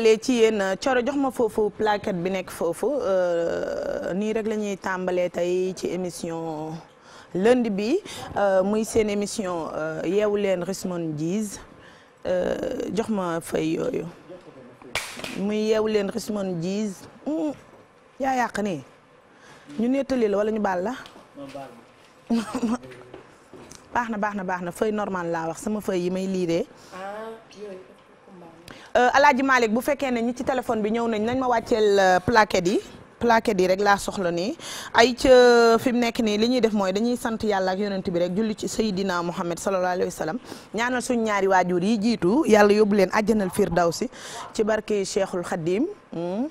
ci yéen Coro euh, jox ma foofu plaquette bi nekk foofu euh, nii rek la ñuy tàmbalee tey ci émission lënd bi euh, muy seen émission yeewu leen Rhismondies jox ma fay yooyu muy yeewu leen Rhismondies hmm, yaa yàq nii ñu nettali la wala ñu baal la baax na baax na baax na feuille normale laa wax sama feuille yi may liiree ah, Euh, Alaaji Malick bu fekkee ne ñi ci téléphone bi ñëw nañ nañ ma wàcceel euh, plaquette yi plaquet yi rek laa soxla nii ay ca euh, fi mu nekk nii li ñuy def mooy dañuy sant yàlla ak yonent bi rek julli ci Seydina Muhammad sallallahu alayhi wa sallam ñaanal suñ ñaari waajur yi jiitu yàlla yóbbu leen àjjanal firdawsi ci barke Cheikhul Khadim hmm.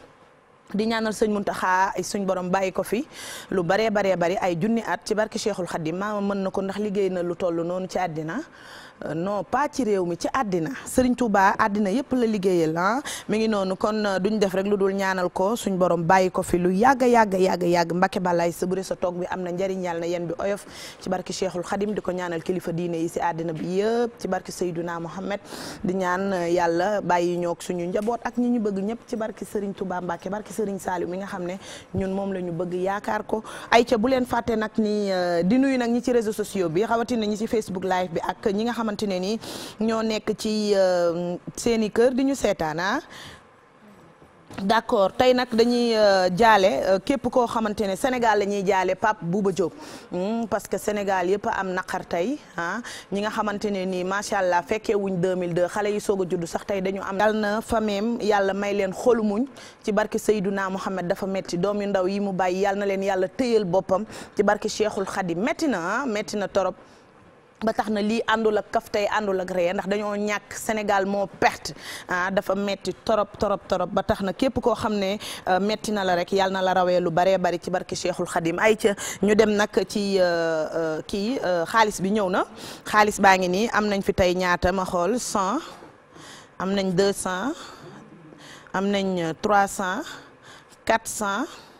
di ñaanal sëñ Muntaxa suñ borom bàyyi ko fi lu baree baree bari ay junni at ci barke Cheikhul Khadim maama mën na ko ndax liggéey na lu toll noonu ci àddina Euh, non pas ci réew mi ci àddina Serigne Touba àddina yëpp la liggéeyal ah mi ngi noonu kon euh, ñu def rek lu dul ñaanal ko suñ boroom bàyyi ko fi lu yàgg yàgg yàgg yàgg Mbacke Balaye sa bëre sa toog bi am na njëriñ yàlla yéen bi oyof ci barki Cheikhul Khadim di ko ñaanal kilifa diine yi si àddina bi yëpp ci barki Seydouna Mohamed di ñaan euh, yàlla bàyyi ñoog suñu njaboot ak ñu ñu bëgg ñëpp ci barki Serigne Touba Mbacke barki Serigne Saliou mi nga xam ne ñun moom la bëgg yaakaar ko ay ca bu leen fàtte nag ni di nuyu nag ñi ci réseaux sociaux bi xawatina ñi ci Facebook live bi ak ñi nga xamante ne ni ñoo nekk ci euh, seeni kër di ñu seetaan ah. d' accord tey nag dañuy euh, jaale euh, képp koo xamante ne Sénégal la ñuy jaale Pape Bouba jóg hmm, parce que Sénégal yëpp am naqar tey ah ñi nga xamante ne nii macha allah fekkee wuñ 2002 xale yi soog a judd sax tey dañu am. yàlla na fameem yàlla may leen xolu muñ ci barke Seydouna Mohamed dafa metti doom yu ndaw yi mu bàyyi yàlla na leen yàlla tëyal boppam ci barke Cheikhul Khadim metti na ah metti na torop. ba tax na lii àndul ak kaf tey àndul ak ree ndax dañoo ñàkk Sénégal moo perte ah dafa metti torop torop torop ba tax na képp koo xam ne euh, metti na la rek yàlla na la rawee lu baree bari ci barke Cheikhul Khadim ay ca ñu dem nag ci euh, euh, kii xaalis bi ñëw na xaalis baa ngi nii am nañ fi tey ñaata ma xool 100 am nañ 200 am nañ 300 400.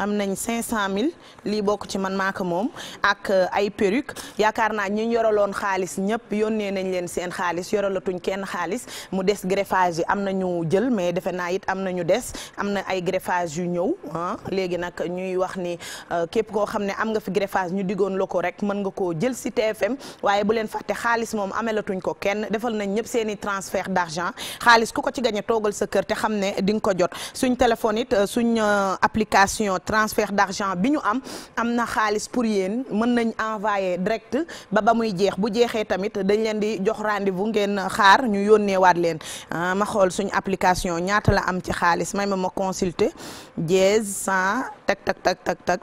am nañ cinq cent milles lii bokk ci man maa ko moom ak euh, ay perruque yaakaar naa ñu yoraloon xaalis ñëpp yónnee nañ leen seen xaalis yoralatuñ kenn xaalis mu des greffage yi am na ñu jël mais defe naa it am na ñu des am na ay greffage yu ñëw ah léegi nag ñuy wax ni euh, képp koo xam ne am nga fi greffage ñu diggoon la ko rek mën nga koo jël si TFM waaye bu leen fàtte xaalis moom amelatuñ ko kenn defal nañ ñëpp seen i transfert d'argent xaalis ku ko ci gañe toogal sa kër te xam ne di nga ko jot suñ téléphone it euh, suñ application transfert d'argent bi ñu am am na xaalis pour yeen mën nañ envoyé direct ba ba muy jeex bu jeexee tamit dañ leen di jox rendez-vous ngeen xaar ñu yónneewaat leen ah, ma xool suñu application ñaata la am ci xaalis may ma ma consulter dièse cent tak tak tak tak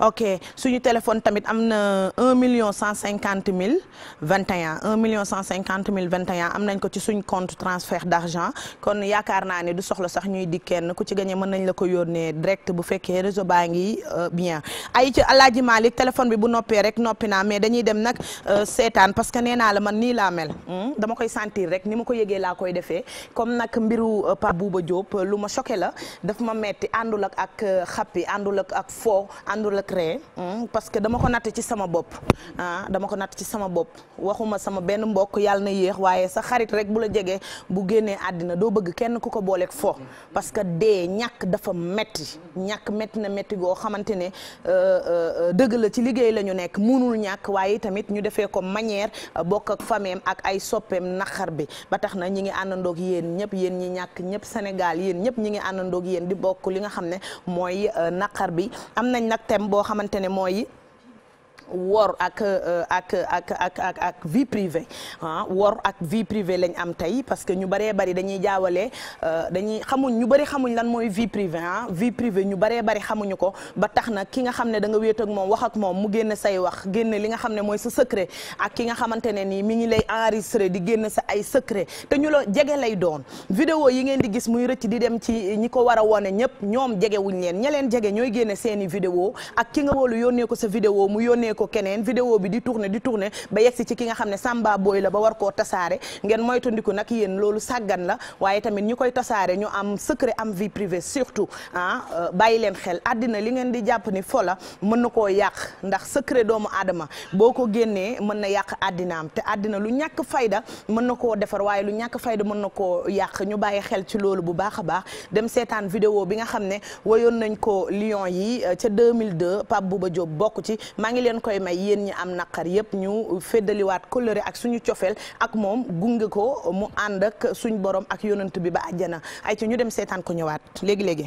ok suñu téléphone tamit am na un million 150 mille 21 1 million 150 mille 21 am nañ ko ci suñ compte transfert d'argent kon yaakaar naa ne du soxla sax ñuy di kenn ku ci gagné mën nañ la ko yónnee direct bu fekkee réseau baa ngi euh, bien ay ci Alaaji Malick téléphone bi bu noppee rek noppi naa mais dañuy dem nag euh, seetaan parce que nee naa la man nii laa mel hmm? dama koy sentir rek ni ma ko yëgee laa koy defee comme nag mbiru euh, Pape Bouba Diop lu ma choqué la daf ma metti àndul ak ak xappi àndul ak ak foo créer parce que dama ko natt ci sama bopp ah dama ko natt ci sama bopp waxuma sama benn mbokk yàlla na yéex waaye sa xarit rek bu la jegee bu génnee àddina doo bëgg kenn ku ko booleek fo parce que dee ñàkk dafa metti ñàkk metti na metti goo xamante ne euh, euh, dëgg la ci liggéey lañu nekk munul ñàkk waaye tamit ñu defee ko manière euh, bokk ak fameem ak ay soppeem naqar bi ba tax na ñi ngi àndandoog yéen ñëpp yéen ñi ñàkk ñëpp Sénégal yéen ñëpp ñi ngi àndandoog yéen di bokk li nga xam ne mooy naqar bi boo xamante ne mooy wor ak euh, ak ak ak ak ak vie privée ah wor ak vie privée lañ am tey parce que ñu bëree bari dañuy jaawale euh, dañuy xamuñ ñu bëri xamuñ lan mooy vie privée ah vie privée ñu bëree bari xamuñu ko ba tax na ki nga xam ne da nga wéet ak moom wax ak moom mu génn say wax génn li nga xam ne mooy sa secret ak ki nga xamante ne nii mi ngi lay enregistré di génn sa ay secret te ñu la jege lay doon vidéo yi ngeen di gis muy rëcc di dem ci ñi ko war a wone ñëpp ñoom jegewuñ leen ña leen jege ñooy génne seeni vidéo ak ki nga wóolu yónnee ko sa vidéo mu yónnee yónnee ko keneen vidéo bi di tourner di tourner ba yegsi ci ki nga xam ne samba booy la ba war koo tasaare ngeen moytandiku nag yéen loolu sàggan la waaye tamit ñu koy tasaare ñu am secret am vie privée surtout ah euh, bàyyi leen xel addina li ngeen di jàpp ni fo la mën na koo yàq ndax secret doomu aadama boo ko génnee mën na yàq àddinaam te àddina lu ñàkk fayda mën na koo defar waaye lu ñàkk fayda mën na koo yàq ñu bàyyi xel ci loolu bu baax a baax dem seetaan vidéo bi nga xam ne wayoon nañ ko Lyon yi euh, ca 2002 Pape koy may yéen ñi am naqar yépp ñu feddaliwaat kóllëre ak suñu cofeel ak moom gunge ko mu àndak ak suñ borom ak yonent bi ba àjjana ay ci ñu dem seetaan ko ñëwaat léegi léegi.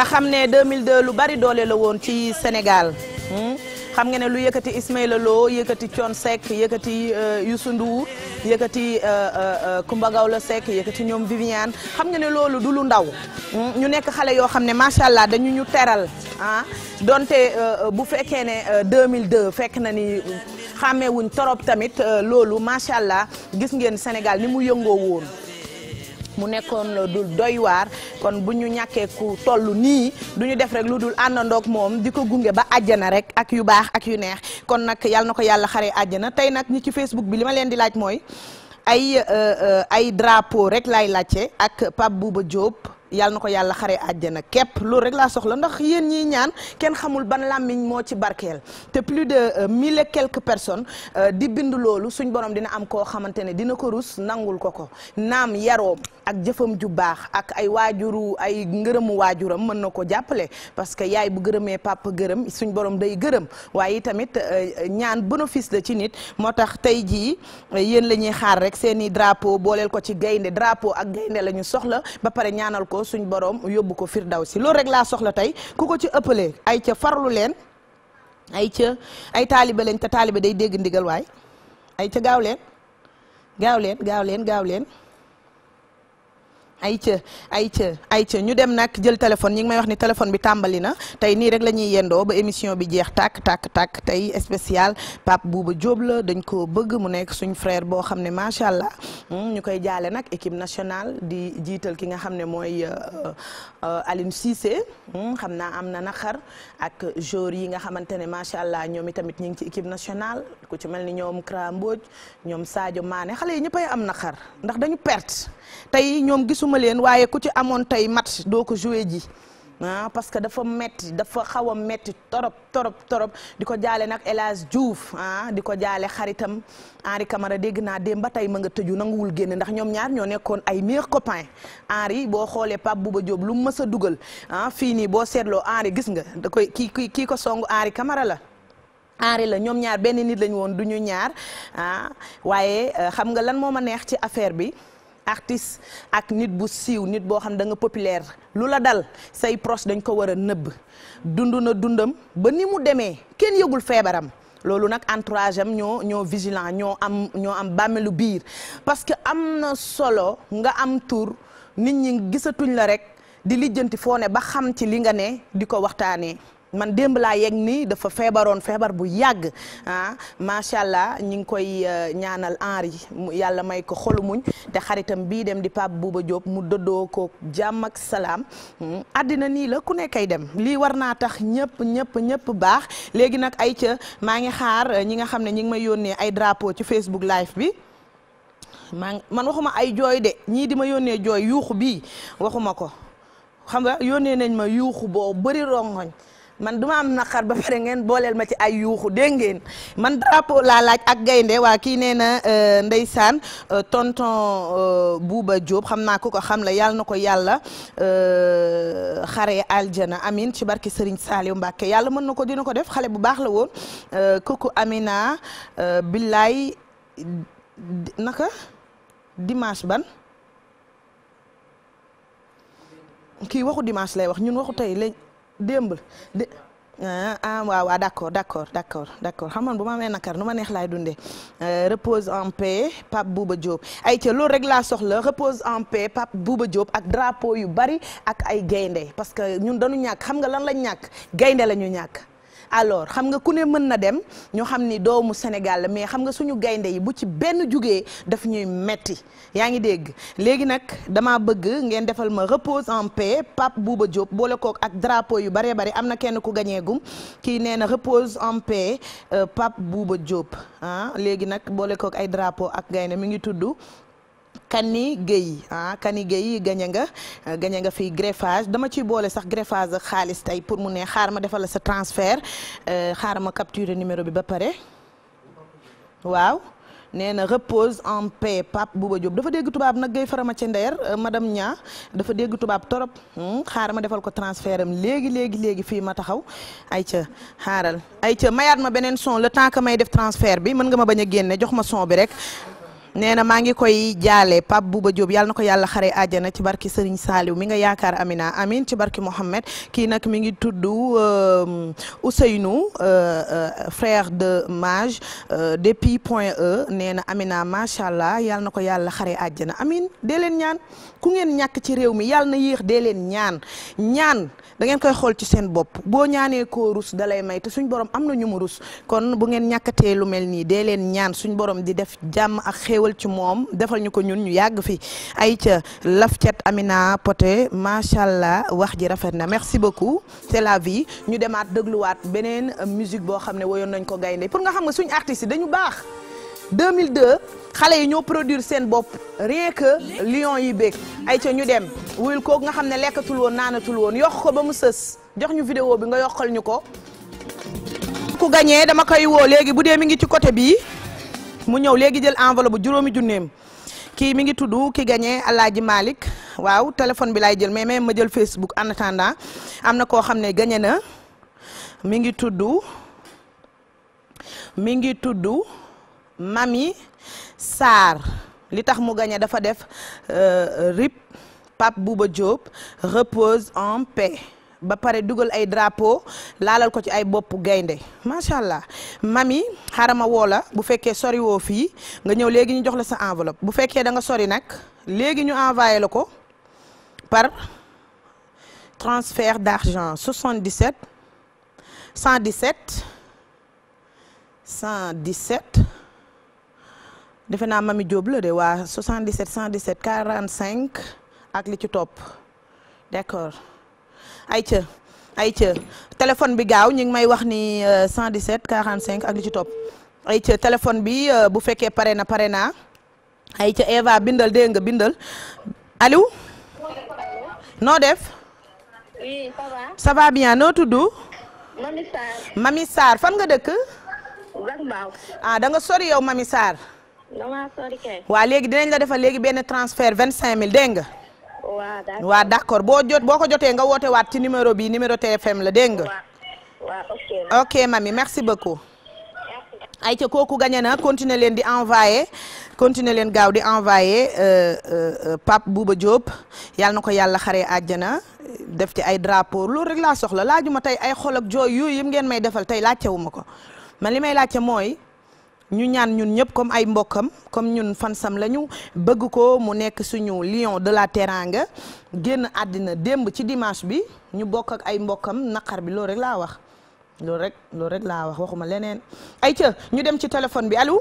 nga xam ne 2002 lu bari doole la woon ci Sénégal hmm? xam nga ne lu yëkkati Ismaïla Lo yëkkati Thione Seck yëkkati euh, yusundu Ndour yëkkati euh, euh, Coumba Gawlo Seck yëkkati ñoom Viviane xam nga ne loolu du lu ndaw hmm? ñu nekk xale yoo xam ne macha allah dañu ñu teral ah donte bu fekkee ne 2002 fekk na ni xàmmee wuñ torop tamit loolu macha allah gis ngeen Sénégal ni mu yëngoo woon. mu nekkoon la dul doy waar kon bu ñu ñàkkee ku toll nii du ñu def rek lu dul àndandoog moom di ko gunge ba àjjana rek ak yu baax ak yu neex kon nag yàlla na ko yàlla xaree àjjana tey nag ñi ci Facebook bi li ma leen di laaj mooy ay euh, euh, ay drapeau rek laay laajte ak Pape Bouba Diop yàlla na ko yàlla xaree àjjana képp loolu rek laa soxla ndax yéen ñi ñaan kenn xamul ban làmmiñ moo ci barkeel te plus de euh, mille et quelques personnes di bind loolu suñ borom dina am koo xamante ne dina ko rus nangul ko ko naam yaroom ak jëfam ju baax ak ay waajuru ay ngërëmu waajuram mën na ko jàppale parce que yaay bu gërëmee papa gërëm suñ borom day gërëm waaye tamit euh, ñaan bénéfice la ci nit moo tax tey jii euh, yéen la ñuy xaar rek seen i drapeau booleel ko ci gaynde drapeau ak gaynde lañu soxla ba pare ñaanal ko suñ borom yóbbu ko si loolu rek laa soxla tey ku ko ci ëppalee ay ca farlu leen ay ca ay taalibe leen te taalibe day dégg ndigal waay ay ci gaaw leen gaaw leen gaaw leen gaaw leen ayca ayca ayca ñu dem nag jël téléphone ñi ngi may wax ni téléphone bi tàmbali na tey nii rek la ñuy yendoo ba émission bi jeex tàkk tàkk tàkk tey spécial Pape Bouba Diop la dañ koo bëgg mu nekk suñu frère boo xam ne macha allah hmm, ñu koy jaale nag équipe nationale di jiital ki nga xam ne mooy euh, euh, Aline Cissé hmm, xam naa am na naqar ak joueurs yi nga xamante ne macha allah ñoom tamit ñu ngi ci équipe nationale ku ci mel ni ñoom Kara Mbodj ñoom Sadio Mané xale yi ñëppay am naqar ndax dañu perte tey ñoom gisu ma leen waaye ku ci amoon tey match doo ko joué ji ah parce que dafa metti dafa xaw a metti torop torop torop di ko jaale nag El Hadj Diouf ah, di ko jaale xaritam Henri Camara dégg naa démb ba tey ma nga tëju nanguwul génn ndax ñoom ñaar ñoo nekkoon ay meilleurs copains Henri boo xoolee Pape Bouba Diop lu mu mës a dugal ah fii nii boo seetloo Henri gis nga da koy kii kii kii ko songu Henri kamara la. Henri la ñoom ñaar benn nit lañ woon du ñu ñaar ah waaye euh, xam nga lan moo ma neex ci affaire bi. artiste ak nit bu siiw nit boo xam da nga populaire lu la dal say proche dañ ko war a nëbb dund na dundam ba ni mu demee kenn yëgul feebaram loolu nag entourage ñoo ñoo vigilant ñoo am ñoo am bàmmeelu biir parce que am na solo nga am tur nit ñi gisatuñ la rek di lijjanti foone ba xam ci li nga ne di ko waxtaanee man démb laa yegg ni dafa feebaroon feebar bu yàgg ah macha allah ñi ngi koy euh, ñaanal Henri yàlla may ko xolu muñ te xaritam bii dem di Pape Bouba Diop mu dëddoo ko jàmm ak salaam hmm, àddina nii la ku nekkay dem lii war naa tax ñëpp ñëpp ñëpp baax léegi nag ay ca maa ngi xaar euh, ñi nga xam ne ñi ngi may yónnee ay drapeau ci Facebook live bi maa man waxuma ay jooy de ñii di ma yónnee jooy yuuxu bi waxuma ko xam nga yónnee nañ ma yuuxu boo bëri rongoñ man duma am na naqar ba pare ngeen booleel ma ci ay yuuxu dégg ngeen man drapeau laa laaj ak gaynde waa kii nee na euh, ndeysaan euh, tonton euh, buuba Diop xam naa ko ko xam la yàlla na ko yàlla xare aljana amin ci barke Serigne Saliou Mbacke yàlla mën na ko dina ko def xale bu baax la woon kooku Amina billaay naka dimanche ban kii waxu dimanche lay wax ñun waxu tey démb dé ah, ah waaw waaw d' accord d' accord d' accord d' accord xam bu ma amee nakar nu ma neex lay dundee euh, repose en paix Pape Bouba Diop ay ca loolu rek laa soxla repose en paix Pape Bouba Diop ak drapeau yu bari ak ay gaynde parce que ñun dañu ñàkk xam nga lan lañ ñàkk gaynde la ñu ñàkk. alors xam nga ku ne mën na dem ñu xam ni doomu Sénégal la mais xam nga suñu gaynde yi bu ci benn jugee daf ñuy metti yaa ngi dégg léegi nag dama bëgg ngeen defal ma repose en paix Pape Bouba Diop boole ak drapeau yu bare bare am na kenn ku gañeegum kii nee na repose en paix euh, Pape Bouba Diop ah léegi nag boolekook ay drapeau ak gaynde mi ngi tudd Kani Gueye ah Kani Gueye gañe nga gañe nga fii greffage dama ciy boole sax greffage ak xaalis tey pour mu ne xaar ma defal la sa transfert euh, xaar ma capturer numéro bi ba pare waaw nee na repose en paix Pape Bouba Diop dafa dégg tubaab nag gay farama ci ndeer euh, madame Nia dafa dégg tubaab torop hmm, xaaral ma defal ko transfert am léegi léegi léegi fii ma taxaw ay ayca xaaral ayca mayaat ma beneen son le temps que may def transfert bi mën nga ma bañ a génne jox ma son bi rek nee na maa ngi koy jaale Pape Bouba job yàlla na ko yàlla xare àjjana ci barki Serigne Saliou mi nga yaakaar Amina amin ci barki Mohamed kii nag mi ngi tudd euh, Ousseynou euh, euh, frère de Mage depuis point E nee na Amina macha allah yàlla na ko yàlla xare àjjana amin dee leen ñaan ku ngeen ñàkk ci réew mi yàlla na yéex dee leen ñaan ñaan da ngeen koy xool ci seen bopp boo ñaanee koo rus da lay may te suñ borom am na ñu mu rus kon bu ngeen ñàkkatee lu mel nii de leen ñaan suñ borom di def jàmm xéewal ci moom defal ñu ko ñun ñu yàgg fi ay ca laf cat Amina Poté macha allah wax ji rafet na merci beaucoup c'est la vie ñu demaat dégluwaat beneen musique boo xam ne woyoon nañ ko gaynde pour nga xam nga suñu artistes dañu baax 2002 xale yi ñoo produir seen bopp rien que lion yi bëgg ay ca ñu dem wuyul kooku nga xam ne lekkatul woon naanatul woon yokk ko ba mu sës jox ñu vidéo bi nga yokkal ñu ko ku gañee dama koy woo léegi bu dee mi ngi ci côté bii mu ñëw léegi jël enveloppe bu juróomi junneem kii mi ngi tudd ki gagné Alaaji Malick waaw téléphone bi laay jël mais mais ma jël Facebook en attendant am na koo xam ne gagné na mi ngi tudd mi ngi tudd Mami Sarr li tax mu gagné dafa def euh, RIP Pape Bouba Diop repose en paix. ba pare dugal ay drapeau laalal ko ci ay bopp gaynde macha allah mami xarama woo la bu fekkee soriwoo fii nga ñëw léegi ñu jox la sa enveloppe bu fekkee da nga sori nag léegi ñu envoyé la ko par transfert d'argent 77 117 117 defe naa mami Diop la de waa 77 117 45 ak li ci topp d'accord ay ca ay ca téléphone bi gaaw ñu ngi may wax ni 117 euh, 45 ak li ci topp ay ca téléphone bi euh, bu fekkee pare na pare na ay ca Eva bindal dégg nga bindal allo noo def. oui ça va. ça va bien noo tudd. Mami Sarr. fan nga dëkk. Zac ah da nga sori yow Mami Sarr. waa léegi dinañ la defal léegi benn transfert 25000 dégg nga. waaw d'accord waaw boo jot boo ko jotee nga woote waat ci numéro bi numéro TFM la dégg nga. waaw ok ok mami merci beaucoup. ay ca kooku gañe na continuer leen di envoyé continuer leen gaaw di envoyer euh, euh, euh, Pape Bouba Diop yàlla na ko yàlla xaree àjjana def ci ay drapeau loolu rek laa soxla laajuma tey ay xol ak jooy yooyu yim ngeen may defal tey laajtewuma ko man li may laajte mooy. ñu ñaan ñun ñëpp comme ay mbokkam comme ñun fansam lañu bëgg ko mu nekk suñu lion de la teranga génn àddina démb ci dimanche bi ñu bokk ak ay mbokkam naqar bi loolu rek laa wax loolu rek loolu rek laa wax waxuma leneen ay ca ñu dem ci téléphone bi allo.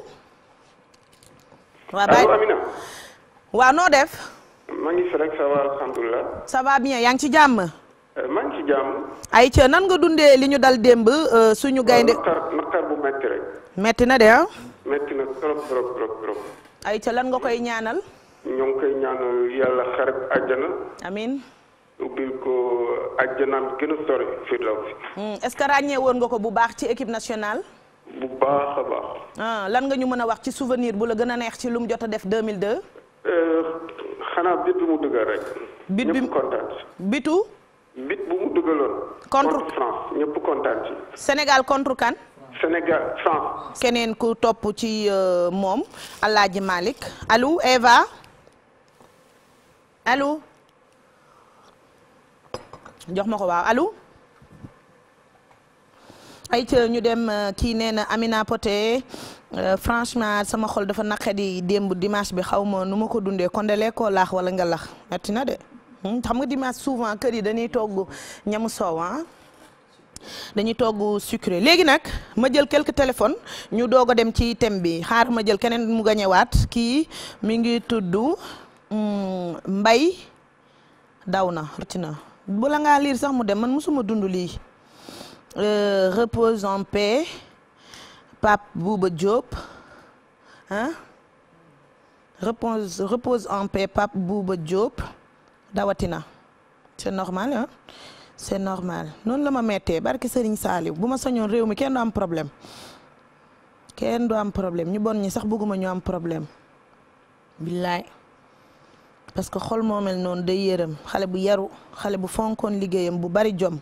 allo Amina. waaw noo def. maa rek ça va alhamdulilah. ça yaa ngi ci jàmm. Euh, maa ci jàmm. ay ca nan nga dundee li ñu dal démb euh, suñu gaynde. Euh, naqar bu metti rek. metti na de ah. metti na trop trop trop ay ca lan nga koy ñaanal. ñoo ngi koy ñaanal yàlla xarit àjjana. amiin. ubbil ko àjjanaam gën a sori Firdawsi. Hmm, est-ce ràññee woon nga ko bu baax ci équipe nationale. bu baax a baax. Ah, lan nga ñu mën a wax ci souvenir bu la gën a neex ci lum jot a def 2002. Euh, xanaa bit bi mu dugal rek. bit bi ñëpp Sénégal contre kan. Sénégal France. keneen ku topp ci euh, moom El Hadj Malick allo Eva allo jox ma ko waaw allo. ayca ñu dem euh, kii nee na Amina Poté euh, franchement sama xol dafa naqadi démb dimanche bi xaw ma nu ma ko dundee kondelee koo laax wala nga lax metti na de hmm, xam nga dimanche souvent kër yi dañuy togg ñamu soow ah. dañuy togg sucré léegi nag ma jël quelques téléphone ñu doog a dem ci thème bi xaar ma jël keneen mu gañewaat kii mi ngi tuddu hmm, Mbay daw na rëcc na bala ngaa liir sax mu dem man mosuma dund lii euh, repose en paix Pape buuba Diop ah repose repose en paix Pape Bouba Diop dawatina c'est normal ah c'est normal noonu la ma mettee barki Serigne Saliou bu ma sañoon réew mi kenn du am problème kenn du am problème ñu bon ñi sax bëgguma ñu am problème billaay parce que xol moo mel noonu day yërëm xale bu yaru xale bu fonkoon liggéeyam bu bari jom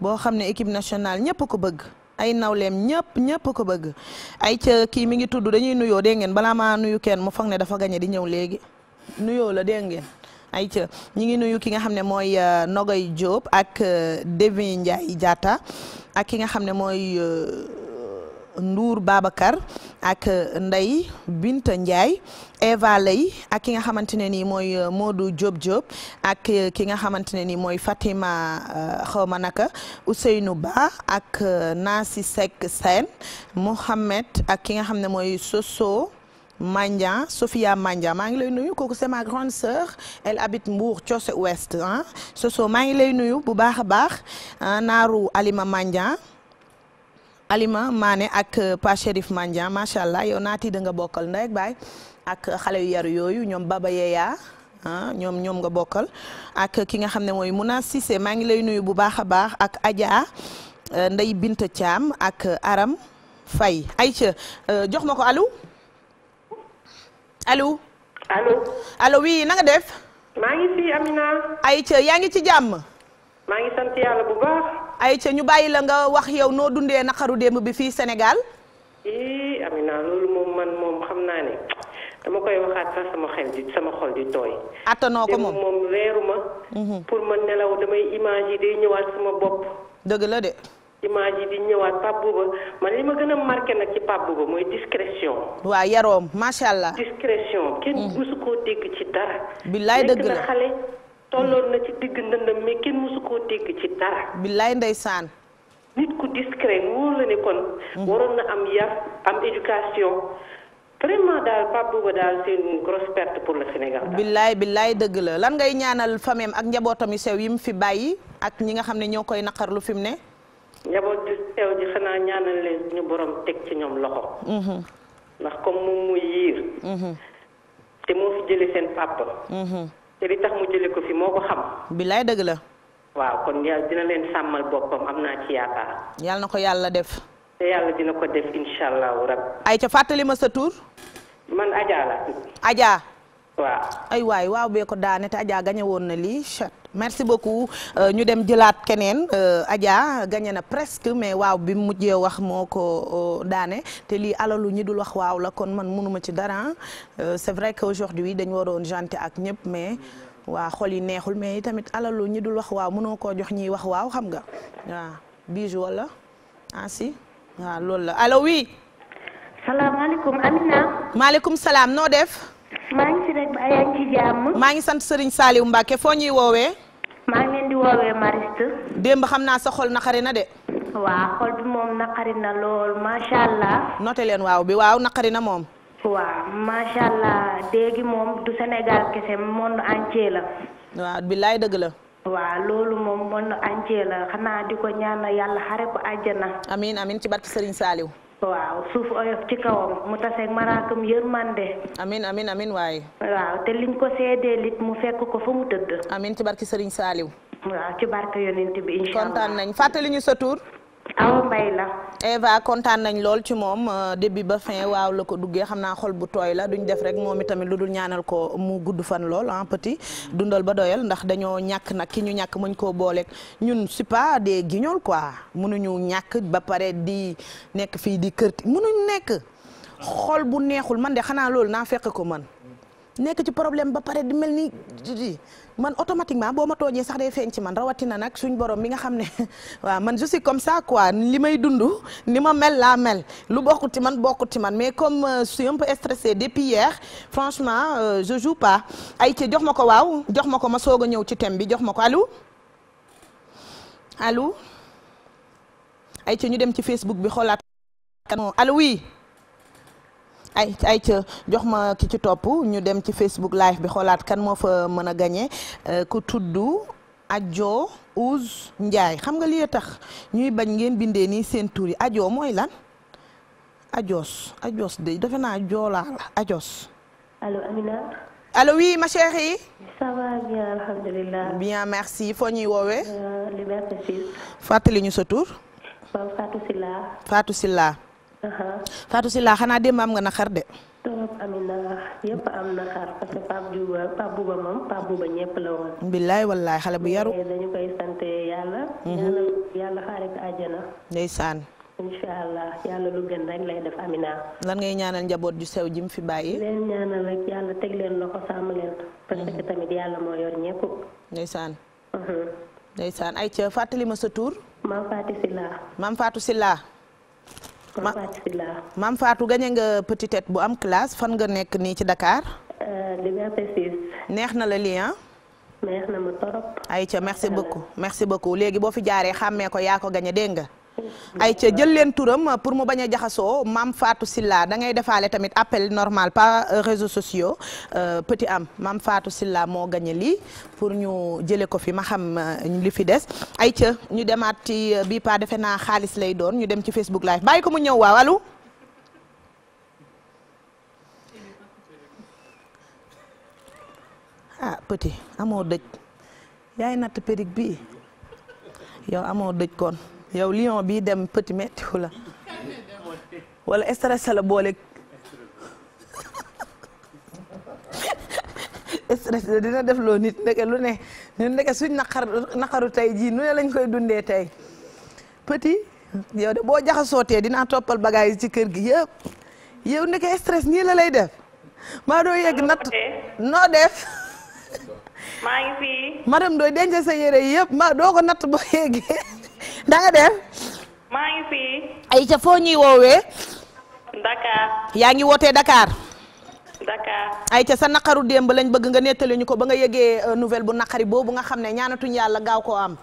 boo xam ne équipe nationale ñëpp ko bëgg ay nawleem ñëpp ñëpp ko bëgg ay ca kii mi ngi tudd dañuy nuyoo dégg ngeen balaa maa nuyu kenn mu foog ne dafa gañe di ñëw léegi nuyoo la dégg ngeen ayca ñu ngi nuyu ki nga xam ne mooy euh, nogay Diop ak euh, Devin Ndiaye Diatta ak ki nga xam ne mooy euh, Ndour Babacar ak Ndeye Binta Ndiaye Eva Lay ak ki nga xamante ne nii mooy Modou Diop Diop ak ki nga xamante ne nii mooy Fatima xawma naka Ousseynou Ba ak Nasi Seck Sène Mohamed ak ki nga xam ne mooy Soso Mandiang Sophia Mandiang maa ngi lay nuyu kooku c'est ma grande sœur elle habite Mbour Thiocé Ouest Soso maa ngi lay nuyu bu baax a baax euh, naaru Alima Mandiang Alima Mané ak euh, Pa Chérif Mandiang macha allah yow naati nga bokkal ndey ak baay ak xale yu yaru yooyu ñoom Baba Yeya ñoom ñoom nga bokkal ak ki nga xam ne mooy naa Cissé maa ngi lay nuyu bu baax a baax ak Adja euh, nday Binta Thiam ak Aram Faye ayca jox ma ko alu allo. alo allo oui na nga def. maa ngi fi Amina. Aïcha yaa ngi ci jàmm. maa ngi sant yàlla bu baax. ca ñu bàyyi la nga wax yow noo dundee naqaru démb bi fii Sénégal. ii Amina loolu moom man moom xam naa ne dama koy waxaat sax sama xel di sama xol di tooy. attanoo ko moom moom reeru ma. Mhm. pour ma nelaw damay image yi day ñëwaat sama bopp. dëgg la de. image yi ñëwaat Pape Bouba man li ma gën a marqué nag ci Pape Bouba mooy discrétion. waaw yaroom macha allah. discrétion kenn mm. musu koo dégg ci dara. billaay dëgg la nekk na ci digg ndëndam mais kenn koo dégg ci dara. billaay ndeysaan. nit ku discret wóor la ne mm. am yar daal Pape Bouba daal c'est une grosse perte pour le Sénégal. billaay dëgg la lan ngay ñaanal fameem ak njabootam yu sew yi mu fi bàyyi ak ñi nga xam ne ñoo koy naqar lu mu ne. njaboot ji teew ji xanaa ñaanal leen suñu borom teg ci ñoom loxo. Mm-hmm. ndax comme moom muy yiir. Mm-hmm. te moo fi jëlee seen papa. Mm-hmm. te li tax mu jëlee ko fi moo ko xam. bilaay dëgg la. waaw kon yàlla dina leen sàmmal boppam am naa ci yaakaar. yàlla na ko yàlla def. te yàlla dina ko def incha allahu rab. ay ca fàttali ma sa tur. man Adja la. Adja. waaw. ay waay waaw bee ko daane te Adja gañe na lii. merci beaucoup euh, ñu dem jëlaat keneen euh, Adja gagné na presque mais waaw bi mu mujjee wax moo ko euh, daane te lii alalu ñi dul wax waaw la kon man mënuma ci dara c'est vrai que aujourd'hui dañu waroon janté ak ñëpp mais waa xol yi neexul mais tamit alalu ñi dul wax waaw mënoo koo jox ñiy wax waaw xam nga waaw bijou wala ah si loolu la allo oui. salaamaaleykum Amina. maaleykum salaam noo def. maa ngi si rek ba yaa ngi ci maa ngi sant sëriñ Saliou Mbacke foo ñuy woowee. maa ngi di woowee Mariste. démb xam naa sa xol naqari na de. waaw xol moom naqari na lool macha allah. noté leen waaw bi waaw naqari na moom. waaw macha allah déegi moom du Sénégal kese monde entier la. waaw billaay dëgg la. waaw loolu moom monde entier la xanaa di ko ñaanal yàlla xare ko àjjana. amiin amiin ci barke Serigne saaliw waaw suuf oyof ci kawam mu taseeg maraakam yërmande. amin amin waaye. waaw te liñ ko seedee lit mu fekk ko fa mu tëdd. amin ci barke Serigne Saliou. waaw ci barke yonent bi incha allah kontaan nañ fàttali ñu sa tur. Awa Mbaye la. Eva kontaan nañ lool ci moom euh, début ba fin waaw la ko duggee xam naa xol bu tooy la duñ def rek moom itamit lu dul ñaanal ko mu gudd fan lool en petit dundal ba doyal ndax dañoo ñàkk nag ki ñu ñàkk muñ koo booleek ñun c'est pas des guignols quoi mënuñu ñàkk ba pare di nekk fii di kërti mënuñu nekk xol bu neexul man de xanaa loolu naa fekk ko man nekk ci problème ba pare di mel ni man automatiquement boo ma toojee sax day feeñ ci man rawatina nag suñ borom mi nga xam ne waaw man je comme ça quoi li may dund ni ma mel laa mel lu bokkut ci man bokkut ci man mais comme euh, je suis un peu stressée depuis hier franchement euh, je joue pas jox ma ko waaw jox ma ko ma soog a ñëw ci thème bi jox ma ko allo allo ay ñu dem ci Facebook bi xoolaat kan allo ay ay ca jox ma ki ci topp ñu dem ci Facebook live bi xoolaat kan moo fa mën a gañe euh, ku tudd Adjo Ouz Ndiaye xam nga li tax ñuy bañ ngeen bindee nii seen tur yi Adjo mooy lan Adjos Adjos de defe naa joolaa la Adjos. allo Amina. ma chérie. ça bien alhamdulilah. bien foo ñuy woowee. Euh, Liberté fàttali ñu sa tuur Fatou Silla. Fatou Uh-huh. Fatou Sylla xanaa démb am nga naqar de. trop Amina yëpp am naqar parce que Pape Diouba Pape Bouba moom Pape Bouba ñëpp la woon. billaay wallaay xale bu yaru. dañu koy sant yàlla. Uh-huh. yàlla yàlla xaare ko àjjana. allah yàlla lu gën rek lay def Amina. lan ngay ñaanal njaboot ju sew ji mu fi bàyyi. leen ñaanal rek yàlla teg leen loxo sàmm leen. parce uh-huh. tamit yàlla moo yor ñëpp. ndeysaan. ndeysaan ay ca sa tur. maam Fatou Sylla. maam Fatou Sylla. maam faatu gañe nga Petite bu am classe fan nga nekk nii ci Dakar. Liberté euh, neex na la lien ay ah? na ma torop. ayca merci beaucoup merci beaucoup léegi boo fi jaaree xàmmee ko yaa ko gañe dégg nga. ay ca jël leen turam pour mu bañ a jaxasoo maam Fatou sillaa dangay ngay defaale tamit appel normal par euh, réseaux sociaux euh, pëti am maam Fatou Silla moo gañe li pour ñu jëlee ko fi ma xam euh, li fi des ay ca ñu demaat ci bii pa defe naa xaalis lay doon ñu dem ci Facebook live bàyyi ko mu ñëw waaw ah petit amoo dëj yaay natt périg bi yow amoo dëj koon yow lion bi dem petit mettiwu la wala stress la boole stress dina def loo nit ndeke lu ne ñun ndeke suñ naqar naqaru tey jii nu ne lañ koy dundee tey pëti yow de boo jaxasootee dinaa toppal bagage yi ci kër gi yëpp yow ndeke stress nii la lay def maa doo yegg natt noo def maa ngi fii madame dooy denc sa yére yëpp maa doo ko natt boo yeggee da nga def. ngi fi. foo ñuy woowee. Dakar. yaa ngi wootee dakaar Dakar. Aïcha sa naqaru démb lañ bëgg nga nettali ñu ko ba nga yegee euh, nouvelle bu naqari boobu nga xam ne ñaanatuñ yàlla gaaw koo am.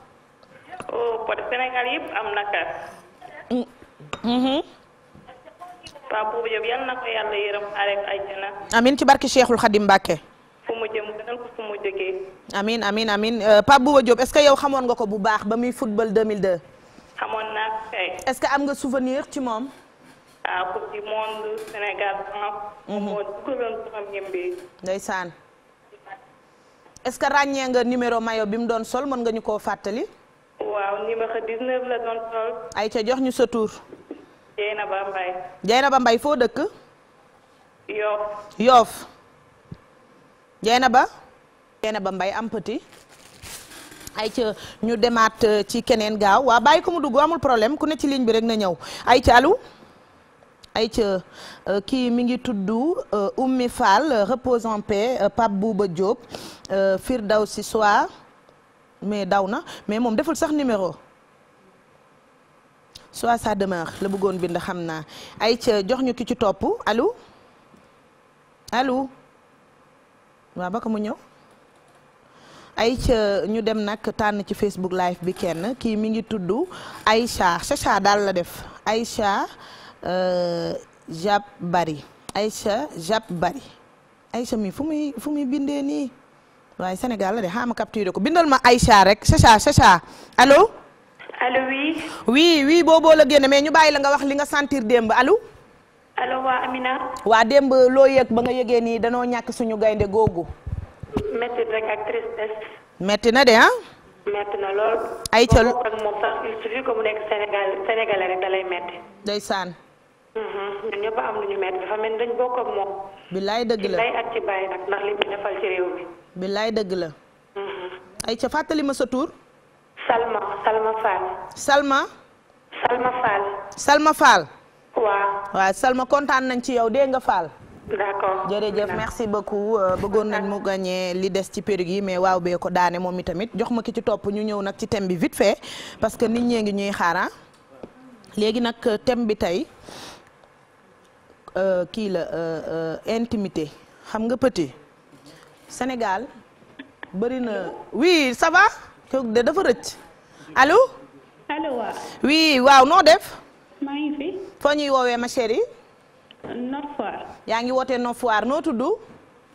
oh am naqar. Mm, mm-hmm. na ko yàlla yërëm ci barke Cheikhul Khadim Mbacke. fu mu jëm amin amin amin euh, Pape Bouba Diop est-ce que yow xamoon nga ko bu baax ba muy football de xamoon naa kay. est-ce que am nga souvenir ci moom. ah coupe mhm. est-ce que ràññee nga numéro maillot bi mu doon sol mën nga ñu koo fàttali. waaw numéro 19 la doon sol. ay ca jox ñu sa tur. Dieynaba Mbaye. Dieynaba Mbaye foo dëkk. Yoff. Yoff. Dieynaba. yéena ba mbay am petit ayca ñu demaat euh, ci keneen gaaw waa bàyyi ko mu dugg amul problème ku ne ci ligne bi rek na ñëw ayca allo ayca euh, kii mi ngi tudd euh, Oumy Fall repose en paix Pape Bouba daw Firdawsi Soa mais daw na mais moom deful sax numéro Soa ça demeure la bëggoon bind xam naa ayca jox ñu ki ci topp allo allo waaw ba ko mu ñëw. Aïcha ñu dem nag tànn ci Facebook live bi kenn kii mi ngi tudd Aïcha Chacha daal la def Aïcha euh, Jab Bari Aïcha Jab Bari Aïcha mi fu muy fu muy bindee nii waaye Sénégal la de xaama capturé ko bindal ma Aïcha rek Chacha Chacha allo. allo oui. oui oui booboo génne mais ñu bàyyi la nga wax li nga sentir démb allo. allo waa Amina. waa démb loo yëg ba nga yëgee nii danoo ñàkk suñu gaynde googu. metti rek ak tristesse. metti na de ah. metti na lool. ay ca lu ak moom sax il suffit mu nekk Sénégal sénégalais rek da lay metti. ndeysaan. Mm-hmm. ñun ñëpp am lu ñu metti dafa mel dañ bokk ak moom. billaay dëgg la billaay mm-hmm. ci fàttali ma sa tur. Salma Salma Fall. Salma. Salma Fall. Salma Fall. waaw waaw Salma kontaan nañ ci yow dégg nga faal d'accord jërëjëf merci beaucoup euh, bëggoon nañ mu gagné li des ci perruque yi mais waaw bee ko daane moom itamit jox ma ki ci topp ñu ñëw nag ci thème bi vite fait parce que nit ñee ngi ñuy xaara ah. léegi nag euh, thème bi tey euh, kii la intimité xam nga petit Sénégal bëri na oui ça va de dafa rëcc allo. allo waaw. noo def. maa foo ñuy woowee ma chérie. Nord Foire. yaa ngi wootee Nord Foire noo tudd.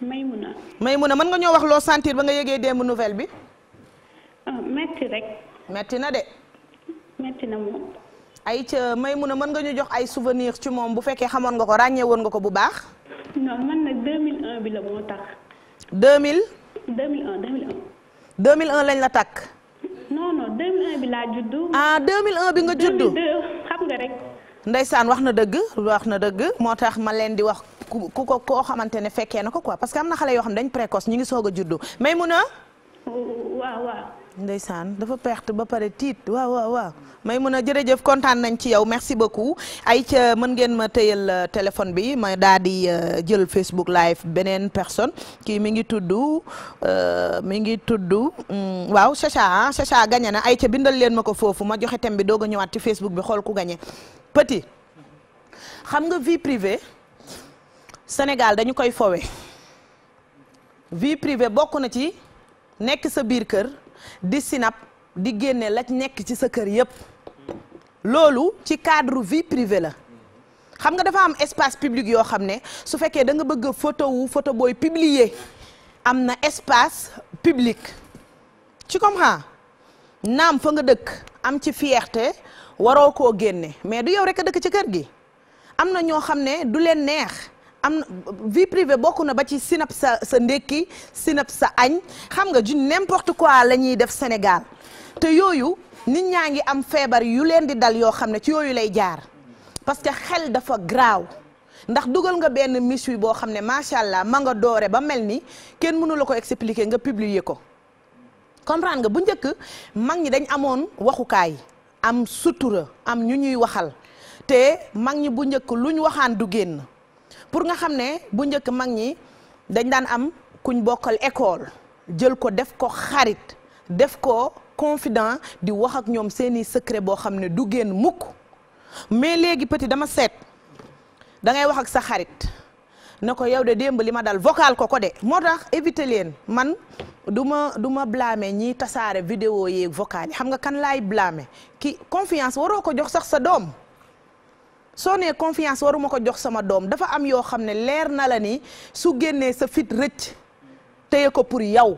Maymuna. Maymuna mën nga ñoo wax loo sentiir ba nga yëgee démb nouvelle bi. ah metti rek. metti na de. metti na moom. ay ca Maymuna mën nga ñu jox ay souvenir ci moom bu fekkee xamoon nga ko ràññee woon nga ko bu baax. mën non man nag 2001 bi la moo tax. un 2001 mille un lañ la takk. non non 2001 bi laa juddu. ah 2001 bi nga juddu 2002 xam nga rek. Ndeysaan wax na dëgg wax na dëgg moo tax ma leen di wax ku ko koo xamante ne fekkee na ko quoi parce que am na xale yoo xam dañ précoce ñu ngi soog a juddu may mun a. dafa perte ba pare tiit waaw waaw waaw a jërëjëf kontaan nañ ci yow merci beaucoup ay ca mën ngeen ma tëyal euh, téléphone bi ma daa di euh, jël Facebook live beneen personne kii mi ngi tudd euh, mi ngi tudd hmm, waaw Chacha ah Chacha gañe na ay ca bindal leen ma ko foofu ma joxe thème bi doog ñëwaat ci Facebook bi xool ku gañe petit xam nga vie privée Sénégal dañu koy foowe vie privée bokk na ci nekk sa biir kër di sinap di génne la nekk ci sa kër yépp loolu ci cadre vie privée la xam nga dafa am espace public yoo xam ne su fekkee da nga bëgg photo wu photo booy publier am na espace public ci comme naam fa nga dëkk am ci fierté waroo koo génne mais du yow rek a dëkk ci kër gi am na ñoo xam ne du leen neex am vie privée bokk na ba ci sinap sa sa ndékki sinap sa añ xam nga ju n'importe quoi la ñuy def Sénégal te yooyu nit ñaa ngi am feebar yu leen di dal yoo xam ne ci yooyu lay jaar parce que xel dafa graaw ndax dugal nga benn miss wi boo xam ne macha allah ma nga doore ba mel ni kenn mënu la ko expliquer nga publier ko comprendre nga bu njëkk mag ñi dañ amoon waxukaay. am sutura am ñu ñuy waxal te mag ñi bu njëkk lu ñu waxaan du génn pour nga xam ne bu njëkk mag ñi dañ daan am kuñ bokkal école jël ko def ko xarit def ko confident di wax ak ñoom seeni secret boo xam ne du génn mukk mais léegi petit dama seet da ngay wax ak sa xarit ne ko yow de démb li ma dal vocal ko ko de moo tax éviter leen man du ma du ma blâmer ñiy tasaare vidéo yeeg vocal yi xam nga kan laay blâmer ki confiance waroo ko jox sax sa doom soo nee confiance waruma ko jox sama doom dafa am yoo xam ne leer na la ni su génnee sa fit rëcc teye ko pour yow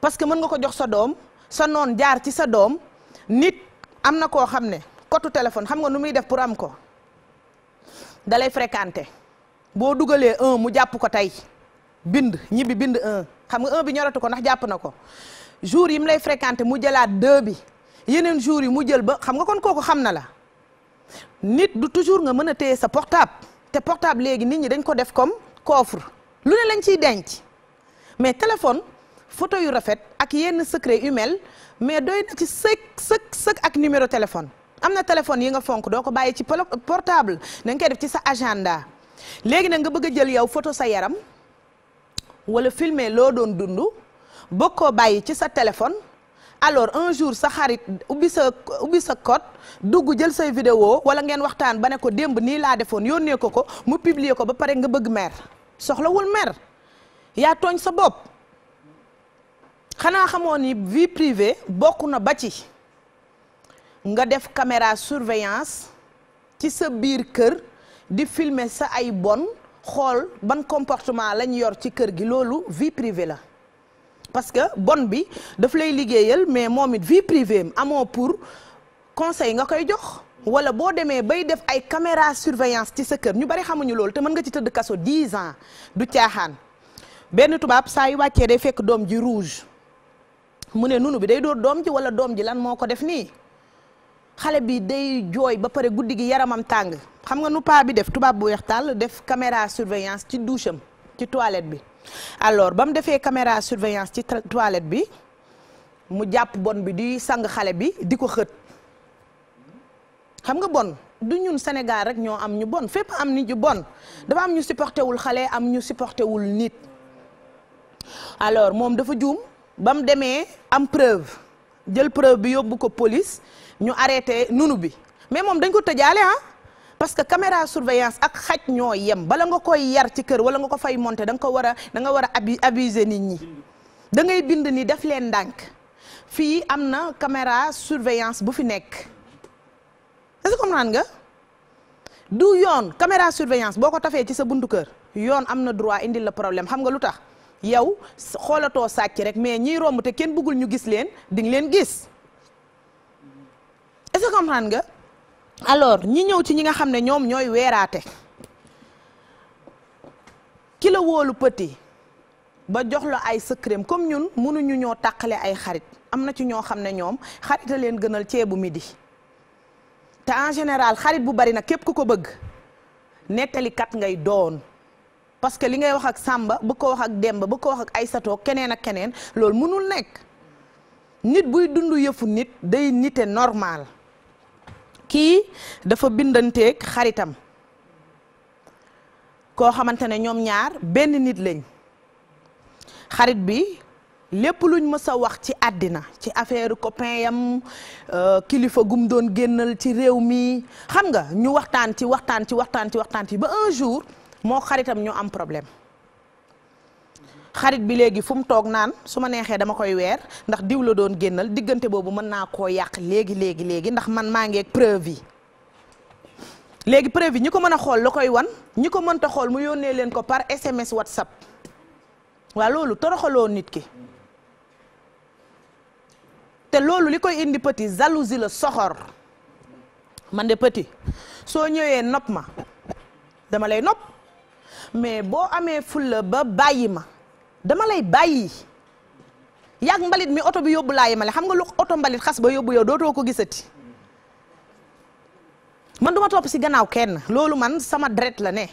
parce que mën nga ko jox sa doom sa noon jaar ci sa doom nit am na koo xam ne kotu téléphone xam nga nu muy def pour am ko dalay fréquenter boo dugalee un mu jàpp ko tey bind ñibbi bind un xam nga un bi ñoratu ko ndax jàpp na ko jour yi mu lay fréquenté mu jëlaat deux bi yeneen jour yi mu jël ba xam nga kon kooku xam na la nit du toujours nga mën a téye sa portable te portable léegi nit ñi dañ ko def comme coffre lu ne lañ ciy denc mais téléphone photo yu rafet ak yenn secret humain mais doy na ci sëkk sëkk sëkk ak numéro téléphone am na téléphone yi nga fonk doo ko bàyyi ci portable da nga koy def ci sa agenda léegi nag nga bëgg a jël yow photo sa yaram wala filmer loo doon dund bëgg koo bàyyi ci sa téléphone alors un jour sa xarit ubbi sa ubbi sa code dugg jël say vidéo wala ngeen waxtaan ba ne ko démb nii laa defoon yónnee ko ko mu publier ko ba pare nga bëgg mer soxlawul mer yaa tooñ sa bopp xanaa xamoon ni vie privée bokk na ba ci nga def caméra surveillance ci sa biir kër di filmer sa ay bon xool ban comportement lañ yor ci kër gi loolu vie privée la parce que bon bi daf lay liggéeyal mais moom it vie privée am amoo pour conseil nga koy jox wala boo demee bay def ay caméra surveillance ci sa kër ñu bari xamuñu loolu te mën nga ci tëdd kaso 10 ans du caaxaan benn tubaab saa yu wàccee day fekk doom ji rouge mu ne nunu bi day dóor doom ji wala doom ji lan moo ko def nii xale bi day jooy ba pare guddi gi yaramam tàng xam nga nu paa bi def tubaab bu weex tàll def caméra surveillance ci douche ci toilette bi alors ba mu defee caméra surveillance ci toilette bi mu jàpp bon bi di sang xale bi di ko xët xam nga bon du ñun Sénégal rek ñoo am ñu bon fépp am nit ñu bon dafa am ñu supporté wul xale am ñu supporté wul nit alors moom dafa juum ba demee am preuve jël preuve bi yóbbu ko police ñu arrêté nunu bi mais moom dañ ko tëjaale ah parce que caméra surveillance ak xaj ñoo yem bala nga koy yar ci kër wala nga ko fay monter da nga ko war a da nga war a abuser nit ñi da ngay bind ni def leen ndànk fii am na caméra surveillance bu fi nekk est-ce que comprendre nga du yoon caméra surveillance boo ko tafee ci sa buntu kër yoon am na droit indil la problème xam nga lu tax yow xoolatoo sàcc rek mais ñiy romb te kenn bëggul ñu gis leen di nga leen gis est-ce que comprendre nga alors ñi ñëw ci ñi nga xam ne ñoom ñooy weeraate kilo la wóolu petit ba jox la ay secret comme ñun mënuñu ñoo taqale ay xarit am na ci ñoo xam ne ñoom xarit leen gënal ceebu midi te en général xarit bu bari nag képp ku ko bëgg nettalikat ngay doon parce que li ngay wax ak sàmba bëgg ko wax ak Demba bëgg ko wax ak Aysatoo keneen ak keneen loolu mënul nekk nit buy dund yëfu nit day nite normal kii dafa bindanteeg xaritam koo xamante ne ñoom ñaar benn nit lañ xarit bi lépp luñ mës a wax ci àddina ci affaire copain yam euh, kilifa gum doon génnal ci réew mi xam nga ñu waxtaan ci waxtaan ci waxtaan ci waxtaan ci ba un jour moo xaritam ñu am problème xarit bi léegi fu mu toog naan su ma neexee dama koy weer ndax diw la doon génnal diggante boobu mën naa koo yàq léegi léegi léegi ndax man maa ngi ak preuve léegi preuve yi ñi ko mën a xool la koy wan ñi ko mënta xool mu yónnee leen ko par SMS WhatsApp waa loolu toroxaloo nit ki te loolu li koy indi petit jalousie la soxor man de petit soo ñëwee nopp ma dama lay nopp mais boo amee fulla ba bàyyi ma dama lay bàyyi yàgg mbalit mi oto bi yóbbu laa le xam nga lu oto mbalit xas ba yóbbu yow dootoo ko gisati man du topp si gannaaw kenn loolu man sama dret la ne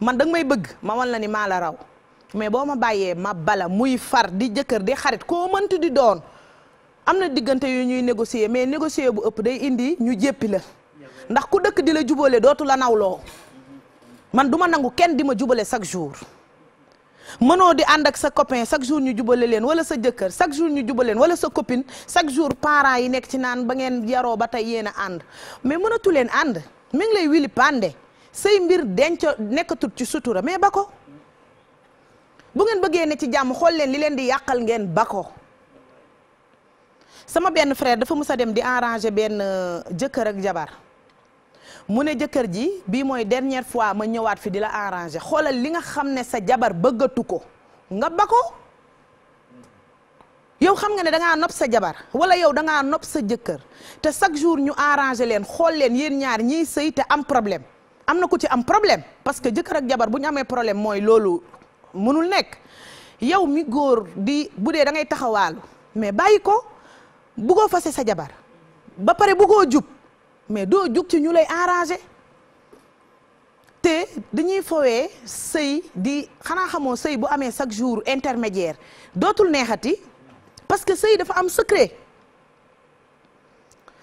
man danga may bëgg ma wan la ni maa la raw mais boo ma bàyyee ma bala muy far di jëkkër di xarit koo mënt di doon am na diggante yu ñuy négocier mais négocier bu ëpp day indi ñu jéppi la ndax ku dëkk di la jubale dootu la nawloo man du ma nangu kenn di ma jubale chaque jour mënoo di ànd ak sa copain chaque jour ñu jubale leen wala sa jëkkër chaque jour ñu jubale leen wala sa copine chaque jour parent yi nekk ci naan ba ngeen yaroo ba tey yéen a ànd mais mënatu leen ànd mi lay wili pande say mbir denc nekkatul ci sutura mais bako bu ngeen bëggee ne ci jàmm xool leen li leen di yàqal ngeen ba sama benn frère dafa mës a dem di arranger benn euh, jëkkër ak jabar mu ne jëkkër ji bii mooy dernière fois ma ñëwaat fi di la arranger xoolal li nga xam ne sa jabar bëggatu ko nga ba ko yow xam nga ne dangaa nopp sa jabar wala yow dangaa nopp sa jëkkër te chaque jour ñu arranger leen xool leen yéen ñaar ñiy sëy te am problème am na ku ci am problème parce que jëkkër ak jabar bu ñu amee problème mooy loolu mënul nekk yow mi góor di bu dee da ngay taxawaalu mais bàyyi ko bëggoo fase sa jabar ba pare bëggoo jub mais doo jug ci ñu lay arrangé te dañuy fowee say di xanaa xamoo sëy bu amee chaque jour intermédiaire dootul neexati parce que sëy dafa am secret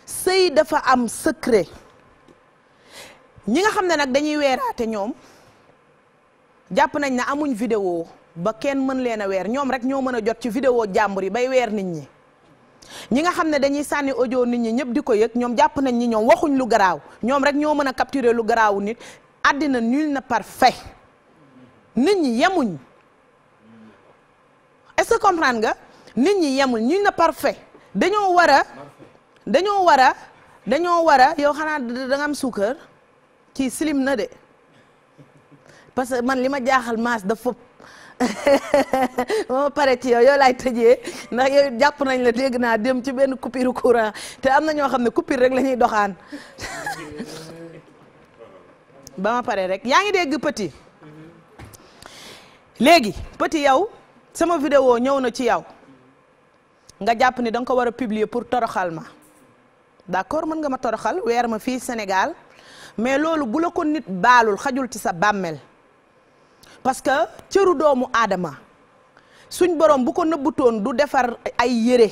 sëy dafa am secret ñi nga xam ne nag dañuy weeraate ñoom jàpp nañ ne amuñ vidéo ba kenn mën leen a weer ñoom rek ñoo mën a jot ci vidéo jàmbur yi bay weer nit ñi ñi nga xam ne dañuy sànni audio nit ñi ñëpp di ko yëg ñoom jàpp nañ ñi ñoom waxuñ lu garaaw ñoom rek ñoo mën a capturer lu garaawu nit àddina nul na parfait nit ñi yemuñ est-ce que comprendre nga nit ñi yemuñ nul n'est parfait dañoo war a dañoo war a dañoo war a yow xanaa da am suukar kii silim na de parce que man li ma jaaxal maas dafa moo pare ci yow yow laay tëjee ndax yow jàpp nañ la dégg naa dem ci benn coupure courant te am na ñoo xam ne coupure rek la ñuy doxaan ba ma pare rek yaa ngi dégg petit mm-hmm. léegi petit yow sama vidéo ñëw na ci yow nga jàpp ni danga ko war a publier pour toroxal ma d'accord mën nga ma toroxal weer ma fii Sénégal mais loolu bu la ko nit baalul xajul ci sa bàmmeel parce que cëru doomu aadama suñ borom bu ko nëbbutoon du defar ay yére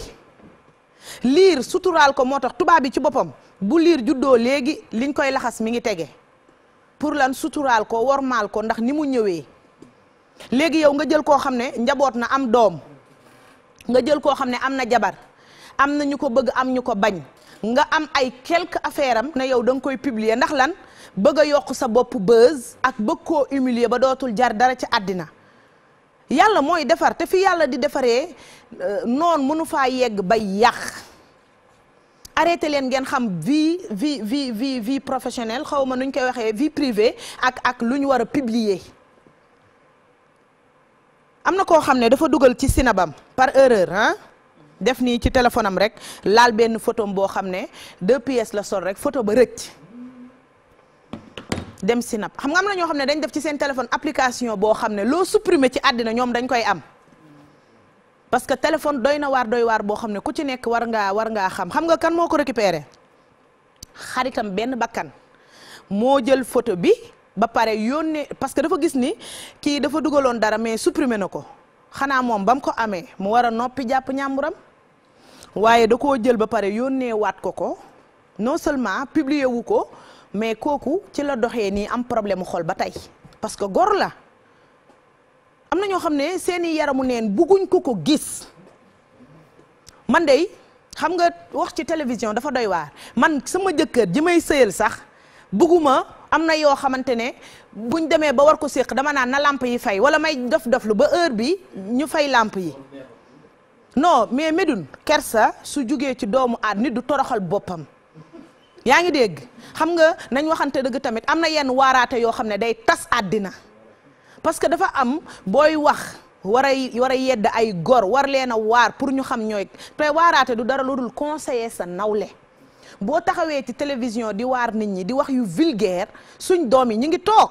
liir suturaal ko moo tax tubaab bi ci boppam bu liir juddoo léegi liñ koy laxas mi ngi tege pour lan suturaal ko wormaal ko ndax ni mu ñëwee léegi yow nga jël koo xam ne njaboot na am doom nga jël koo xam ne am na jabar am na ñu ko bëgg am ñu ko bañ nga am ay quelque affaire am ne yow da nga koy piblier ndax lan bëgg yokk sa bopp buzz ak bëgg koo humilier ba dootul jar dara ci àddina yàlla mooy defar te fi yàlla di defaree euh, noon mënu faa yegg bay yàq arrêté leen ngeen xam vie vi vie vie vie professionnelle xaw ma nuñ koy waxee vie privée ak ak lu ñu war a publier am na koo xam ne dafa dugal ci sinabam par erreur def nii ci téléphone rek laal benn photo boo xam ne de pièces la sol rek photo ba rëcc dem Sinap xam nga am na ñoo xam ne dañ def ci seen téléphone application boo xam ne loo supprimer ci àddina ñoom dañ koy am parce que téléphone doy na waar doy waar boo xam ne ku ci nekk war ngaa war ngaa xam xam nga kan moo ko récupéré xaritam benn bakkan moo jël photo bi ba pare yónnee parce que dafa gis ni kii dafa dugaloon dara mais supprimer na ko xanaa moom bam ko amee mu war a noppi jàpp ñàmburam waaye da koo jël ba pare yónnee waat ko ko non seulement publier wu ko mais kooku ci la doxee nii am problème mu xol ba tey parce que gor la am na ñoo xam ne seeni yaramu neen bugguñ ko ko gis man de xam nga wax ci télévision dafa doy waar man sama jëkkër ji may sëyal sax bugguma am na yoo xamante ne buñ demee ba war ko séq dama naan na làmp yi fay wala may dof lu ba heure bi ñu fay làmp yi no mais Médoune kersa su jugee ci doomu aad nit du toroxal boppam yaa ngi dégg xam nga nañ waxante dëgg tamit am na yenn waaraate yoo xam ne day tas àddina parce que dafa am booy wax war a war a yedd ay gor war leen a waar pour ñu xam ñooy te waaraate du dara lu dul conseiller sa nawle boo taxawee ci télévision di waar nit ñi di wax yu vulgaire suñ doom yi ñu ngi toog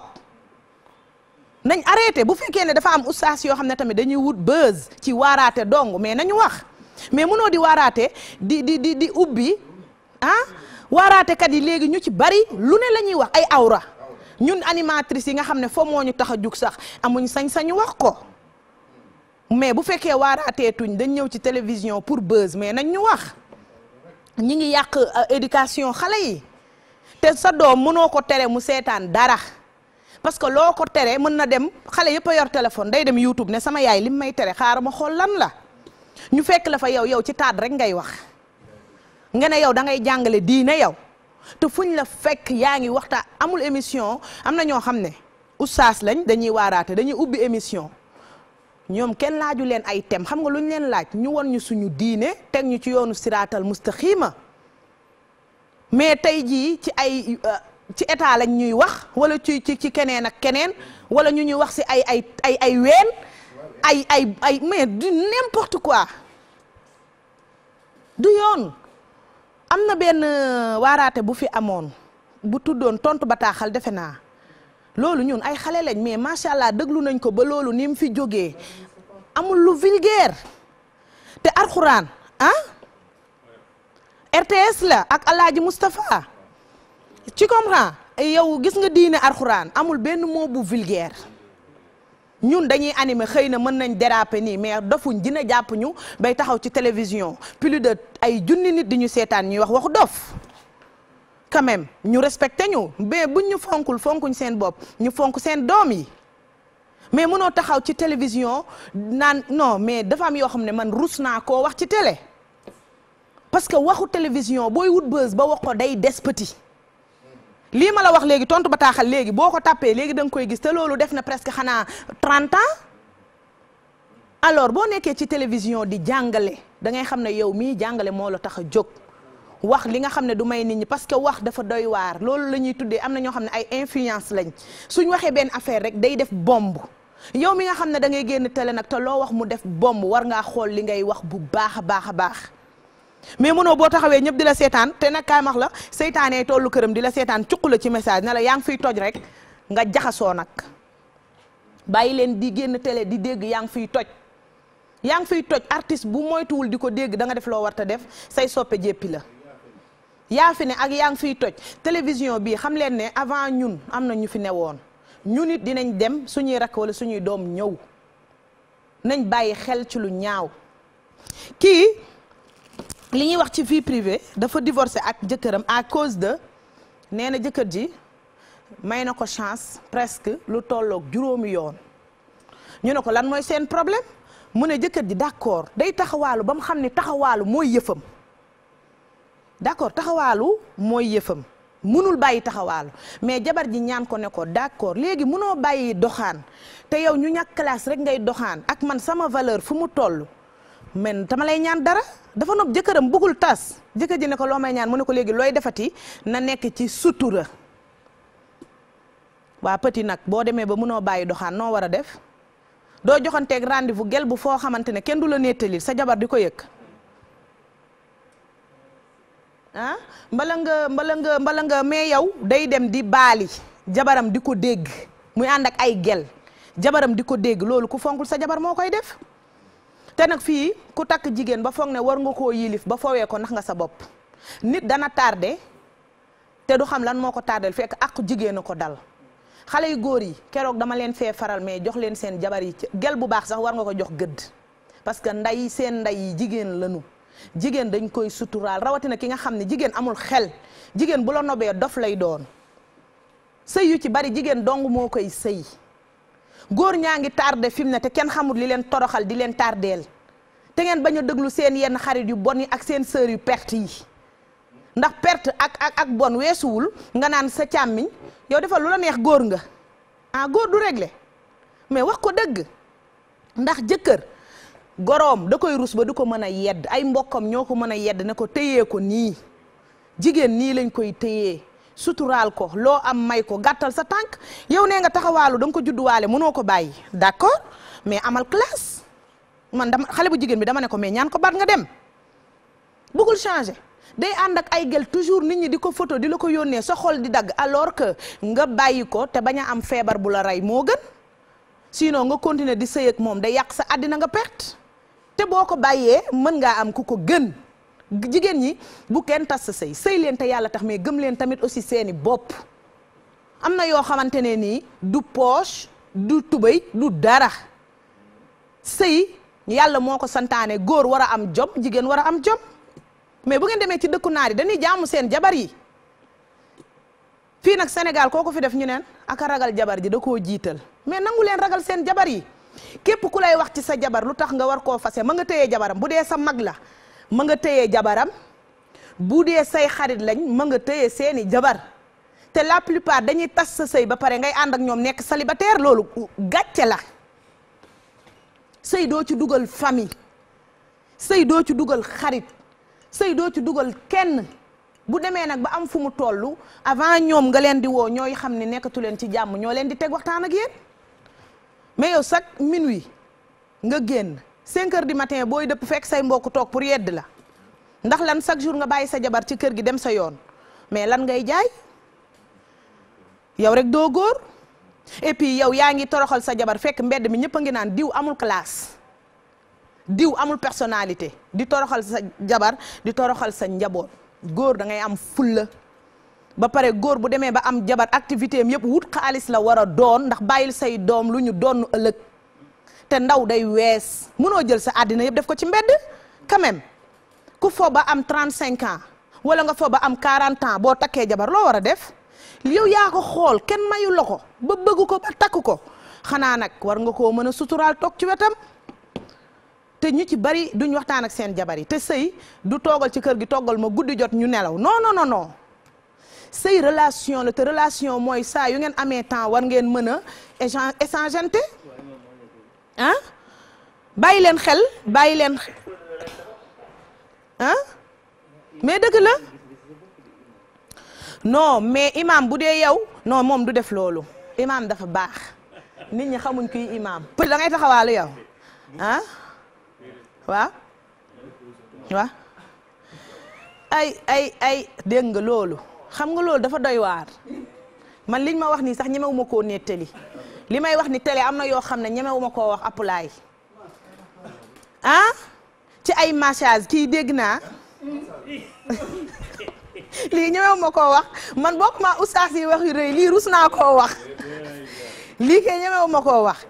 nañ arrêté bu fekkee ne dafa am ustaas yoo xam ne tamit dañuy wut buzz ci waaraate dong mais nañu wax mais mënoo di waaraate di di di di ubbi ah waaraatekat yi léegi ñu ci bari lu ne la ñuy wax ay awra ñun animatrice yi nga xam ne foo moo ñu tax a jug sax amuñ sañ-sañu wax ko mais bu fekkee waaraateetuñ dañ ñëw ci télévision pour buzz mais nañ ñu wax ñi ngi yàq euh, éducation xale yi te sa doom mënoo ko tere mu seetaan dara parce que loo ko tere mën na dem xale yëpp a yor téléphone day dem YouTube ne sama yaay lim may tere xaaral ma xool lan la ñu fekk la fa yow yow ci taat rek ngay wax. nga ne yow da ngay jàngale diine yow te fuñ la fekk yaa ngi waxtaan amul émission am na ñoo xam ne oustaz lañ dañuy waaraate dañuy ubbi émission ñoom kenn laaju leen ay thème xam nga luñ leen laaj ñu won ñu suñu diine teg ñu ci yoonu siraatal mustaqiima mais tey jii ci ay ci état lañ ñuy wax wala ci ci ci keneen ak keneen wala ñu ñuy wax si ay ay ay ay ween ay ay ay mais du n'importe quoi du yoon am na benn euh, waaraate bu fi amoon bu tuddoon tontu taaxal defe naa loolu ñun ay xale lañ mais macha allah déglu nañ ko ba loolu ni mu fi jógee amul lu vulgaire te arxuraan ah RTS la ak Alaaji Moustapha ci comprend yow gis nga diine arxuraan amul benn moo bu vulgaire ñun dañuy animer xëy na mën nañ déraper nii mais dofuñ dina jàpp ñu bay taxaw ci télévision plus de ay junni nit di ñu seetaan ñuy wax waxu dof quand ñu respecté ñu mais buñ ñu fonkul fonkuñ seen bopp ñu fonk seen doom yi mais mënoo taxaw ci télévision naan non mais dafa am yoo xam ne man rus naa koo wax ci télé parce que waxu télévision booy wut bës ba wax ko day des petit lii ma la wax léegi tontu ba taaxal léegi boo ko tàppee léegi danga koy gis te loolu def na presque xanaa 30 ans alors boo nekkee ci télévision di jàngale da ngay xam ne yow mii jàngale moo la tax a jóg wax li nga xam ne du may nit ñi parce que wax dafa doy waar loolu la ñuy tuddee am na ñoo xam ne ay influence lañ suñ waxee benn affaire rek day def bomb yow mi nga xam ne da ngay génn télé nag te loo wax mu def bomb war ngaa xool li ngay wax bu baax a baax a baax. mais mënoo boo taxawee ñëpp di la seetaan te nag kaay max la seytaanee tollu këram di la seetaan cuq la ci message na la yaa ngi fiy toj rek nga jaxasoo nag bàyyi leen di génn télé di dégg yaa ngi fiy toj yaa ngi fiy toj artiste bu moytuwul di ko dégg da nga def loo war def say soppe jéppi la yaa fi ne ak yaa ngi fiy toj télévision bii xam leen ne avant ñun am na ñu fi newoon ñun it dinañ dem suñuy rakk wala suñuy doom ñëw nañ bàyyi xel ci lu ñaaw kii li ñuy wax ci vie privée dafa divorcé ak jëkkëram à cause de nee na jëkkër ji may na ko chance presque lu tolloog juróomi yoon ñu ne ko lan mooy seen problème mu ne jëkkër ji d'accord day taxawaalu ba mu xam ni taxawaalu mooy yëfam d'accord taxawaalu mooy yëfam munul bàyyi taxawaalu mais jabar ji ñaan ko ne ko d'accord léegi munoo bàyyi doxaan te yow ñu ñàkk classe rek ngay doxaan ak man sama valeur fu mu toll man dama lay ñaan dara dafa nopp jëkkëram bëggul tas jëkkër ji ne ko loo may ñaan mu ne ko léegi looy defati na nekk ci sutura waa petit nag boo demee ba munoo bàyyi doxaan noo war a def doo joxanteeg rendez-vous gel bu foo xamante ne kenn du la nettali sa jabar di ko yëg ah mbala nga mbala nga mbala nga mais yow day dem di baali jabaram di ko dégg muy ànd ak ay gel jabaram di ko dégg loolu ku fonkul sa jabar moo koy def te nag fii ku takk jigéen ba foog ne war nga koo yilif ba foowee ko ndax nga sa bopp nit dana tardé te du xam lan moo ko tardel fekk ak jigéen a ko dal xale yu góor yi keroog dama leen fee faral mais jox leen seen jabar yi gel bu baax sax war nga ko jox gëdd parce que nday seen nday yi jigéen lanu jigéen dañ koy suturaal rawatina ki nga xam ne jigéen amul xel jigéen bu la nobee dof lay doon sëyu ci bari jigéen dong moo koy sëy góor ñaa ngi tardé fi mu ne te kenn xamul li leen toroxal di leen tardeel te ngeen bañ a déglu seen yenn xarit yu bon yi ak seen sœur yu perte yi ndax perte ak ak ak bon weesuwul nga naan sa càmmiñ yow defal lu la neex góor nga ah góor du réglé mais wax ko dëgg ndax jëkkër goroom da koy ruus ba du ko mën a yedd ay mbokkam ñoo ko mën a yedd ne ko téyee ko nii jigéen nii lañ koy téyee suturaal ko loo am may ko gàttal sa tànk yow nee nga taxawaalu da nga ko judduwaale mënoo ko bàyyi d'accord mais amal classe man dama xale bu jigéen bi dama ne ko mais ñaan ko baat nga dem bëggul changer day ànd ak ay gel toujours nit ñi di ko photo di la ko yónnee sa xol di dagg alors que nga bàyyi ko te bañ a am feebar bu la rey moo gën sinon nga continuer di sëy moom day yàq sa àddina nga perte te boo ko bàyyee mën ngaa am ku ko gën jigéen ñi bu kenn tas sa sëy sëy leen te yàlla tax mais gëm leen tamit aussi seeni bopp am na yoo xamante ne nii du poche du tubéy du dara sëy yàlla moo ko santaane góor war a am jom jigéen war a am jom mais bu ngeen demee ci dëkku naar yi dañuy jaamu seen jabar yi fii nag Sénégal koo ko fi def ñu neen aka ragal jabar ji da koo jiital mais nangu leen ragal seen jabar yi képp ku lay wax ci sa jabar lu tax nga war koo fase ma nga téye jabaram bu dee sa mag la ma nga tëyee jabaram bu dee say xarit lañ ma nga téye seeni jabar te la plupart dañuy tas sa sëy ba pare ngay ànd ak ñoom nekk célibataire loolu gàcce la sëy doo ci dugal famille sëy doo ci dugal xarit sëy doo ci dugal kenn bu demee nag ba am fu mu tollu avant ñoom nga leen di woo ñooy xam ni nekkatu leen ci jàmm ñoo leen di teg waxtaan ak yéen mais yow chaque minuit nga génn cinq heures du matin booy dëpp fekk say mbokk toog pour yedd la ndax lan chaque jour nga bàyyi sa jabar ci kër gi dem sa yoon mais lan ngay jaay yow rek doo góor et puis yow yaa ngi toroxal sa jabar fekk mbedd mi ñëpp a ngi naan diw amul classe diw amul personnalité di toroxal sa jabar di toroxal sa njaboot góor da ngay am fulla ba pare góor bu demee ba am jabar activité am yëpp wut xaalis la war a doon ndax bàyyil say doom lu ñu doon ëllëg. te ndaw day wees mënoo jël sa àddina yëpp def ko ci mbedd quand ku foo ba am 35 ans wala nga foo ba am 40 ans boo takkee jabar loo war a def yow yaa ko xool kenn mayu la ko ba bëggu ko ba takk ko xanaa nag war nga koo mën a suturaal toog ci wetam te ñu ci bari duñ waxtaan ak seen jabar yi te sëy du toogal ci kër gi toggal ma guddi jot ñu nelaw non non noo sëy relation la te relation mooy saa yu ngeen amee temps war ngeen mën a échange échangeante ah bàyyi leen xel bàyyi leen mais dëgg la non mais imam bu dee yow non moom du def loolu imam dafa baax nit ñi xamuñ kuy imam peut da taxawaalu yow ah waa waaw ay ay ay dégg nga loolu xam nga loolu dafa doy waar man liñ ma wax nii sax ñemewuma koo nettali lii may wax ni télé am na yoo xam ne ñemewuma koo wax apulaay ah ci ay message kii dégg naa lii ñemewuma koo wax man bokk ma ustaas yi wax yu lii rus naa koo wax lii kay ñemewuma koo wax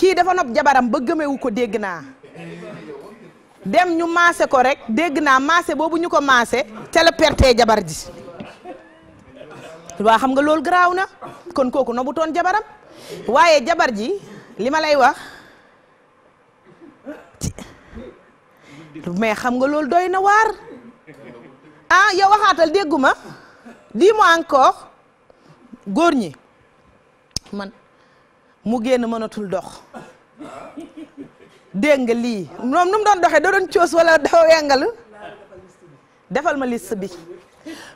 kii dafa nopp jabaram ba gëmewu ko dégg naa dem ñu maase ko rek dégg naa maase boobu ñu ko maase ca la jabar ji waa xam nga loolu garaaw na kon kooku nobu toon jabaram waaye jabar ji li ma lay wax mais xam nga loolu doy na waar ah yow waxaatal dégguma dis-moi encore góor ñi man mu génn mënatul dox dégg nga lii moom nu mu doon doxee da doon coos wala da wengal defal ma liste bi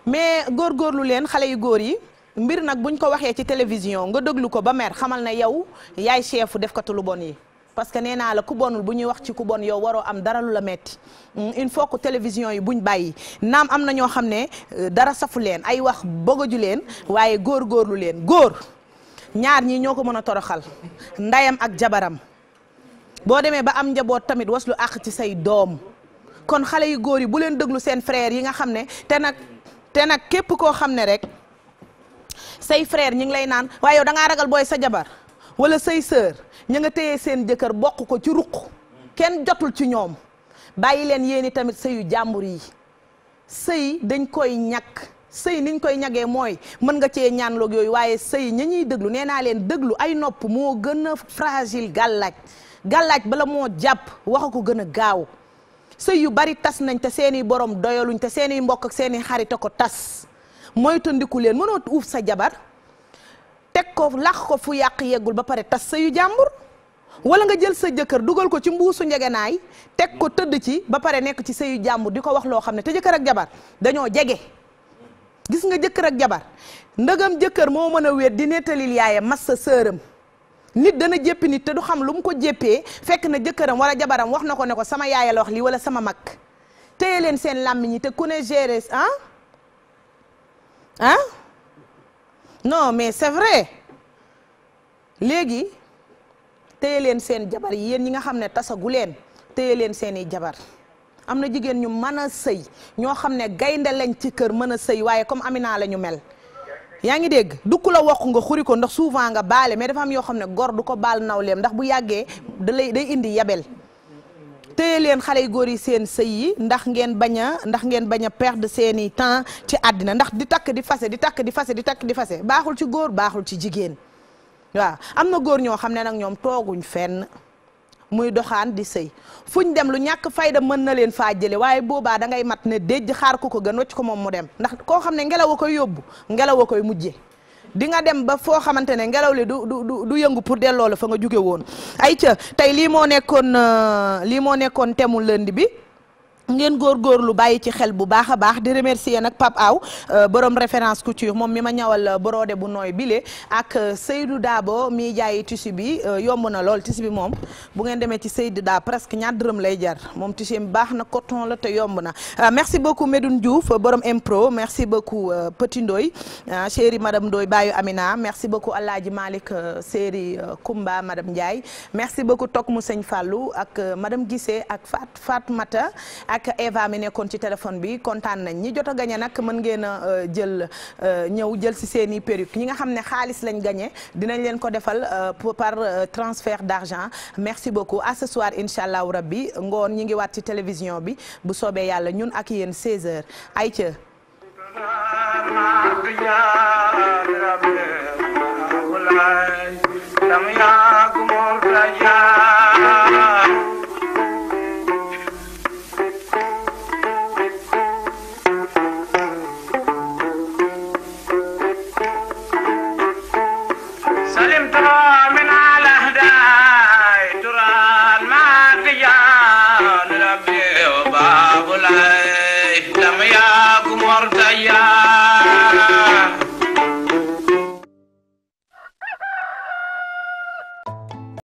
mais góorgóorlu leen xale yu góor yi mbir nag buñ ko waxee ci télévision nga déglu ko ba mer xamal na yow yaay chefu def ko lu bon yi parce que nee naa la ku bonul bu ñuy wax ci ku bon yow waroo am dara lu la metti mm, il faut que télévision yi buñ bàyyi naam am na ñoo xam ne euh, dara safu leen ay wax ju leen waaye góor góorlu leen góor ñaar ñii ñoo ko mën a toroxal ndayam ak jabaram boo demee ba am njaboot tamit was lu àq ci say doom kon xale yu góor yi bu leen déglu seen frère yi nga xam ne te nag te nag képp koo xam ne rek say frère ñi ngi lay naan waaye yow ragal booy sa jabar wala say sœur ña nga teye seen jëkkër bokk ko ci ruq kenn jotul ci ñoom bàyyi leen yéen i tamit sayu jàmbur yi sëy dañ koy ñàkk sëy niñ koy ñagee mooy mën nga cee ñaanloog yooyu waaye sëy ña ñuy déglu nee naa leen déglu ay nopp moo gën a fragile gàllaaj gàllaaj bala moo jàpp waxa ko gën a gaaw sëy yu bari tas nañ te seeni borom doyaluñ te seeni mbokk ak seeni xarit a ko tas moytandiku leen mënoo uuf sa jabar teg ko lax ko fu yàq yeggul ba pare tas sa jàmbur wala nga jël sa jëkkër dugal ko ci mbuusu naay teg ko tëdd ci ba pare nekk ci sëyu jàmbur di ko wax loo xam ne te jëkkër ak jabar dañoo jege gis nga jëkkër ak jabar ndegam jëkkër moo mën a wéet di nettalil yaayam mas sa sëram nit dana jéppi nit te du xam lu mu ko jéppee fekk na jëkkëram wala jabaram wax na ko ne ko sama yaaya la wax lii wala sama mag téye leen seen làmmiñ yi te ku ne ah? ah non mais c'est vrai léegi téye leen seen jabar yi yéen ñi nga xam ne tasagu leen téye leen seeni jabar am na jigéen ñu mën a sëy ñoo xam ne gaynde lañ ci kër mën a sëy waaye comme Amina la ñu mel yaa ngi dégg dukk la wax nga xuri ko ndax souvent nga baale mais dafa yoo xam ne gor du ko baal nawleem ndax bu yàggee da lay day indi yabel téye leen xale yu góor yi seen sëy yi ndax ngeen bañ a ndax ngeen bañ a perdre seen i temps ci àddina ndax di takk di fase di takk di fase di takk di fase baaxul ci góor baaxul ci jigéen waaw am na góor ñoo xam ne nag ñoom tooguñ fenn muy doxaan di sëy fuñ dem lu ñàkk fayda mën na leen faa jële waaye boobaa da ngay mat ne déj xaar ku ko gën wacc ko moom mu dem ndax koo xam ne ngelaw a koy yóbbu ngelaw a koy mujje di nga dem ba foo xamante ne ngelaw li du du du yëngu pour delloo la fa nga jóge woon ay tey lii moo nekkoon euh, lii moo nekkoon temul lënd bi ngeen góor góor lu bàyyi ci xel bu baax a baax di remercier nag Pape Aw euh, borom référence cuture moom mi ma ñawal euh, borode bu nooy bile ak euh, seydu daabo mi jaayi tissu bi yomb na lool tissu bi moom bu ngeen demee ci seydu Da presque ñaar dërëm lay jar moom tissu bi baax na coton la te yomb na. merci beaucoup Medoune Diouf borom impro merci beaucoup Petit Ndoy chéri madame Ndoy Bayu Amina merci beaucoup El Hadj Malick chéri Kumba madame Ndiaye merci beaucoup Tok mu sëñ Fallou ak madame Guissé ak Fat ak Eva mi nekkoon ci téléphone bi kontaan nañ ñi jot a gañe nag mën ngeen a euh, jël euh, ñëw jël si seeni i ñi nga xam ne xaalis lañ gañe dinañ leen ko defal euh, par transfert d'argent merci beaucoup à ce soir incha allahu rabbi ngoon ñi ngi waat ci télévision bi bu soobee yàlla ñun ak yéen 16h ayca. Samya kumur warta yaa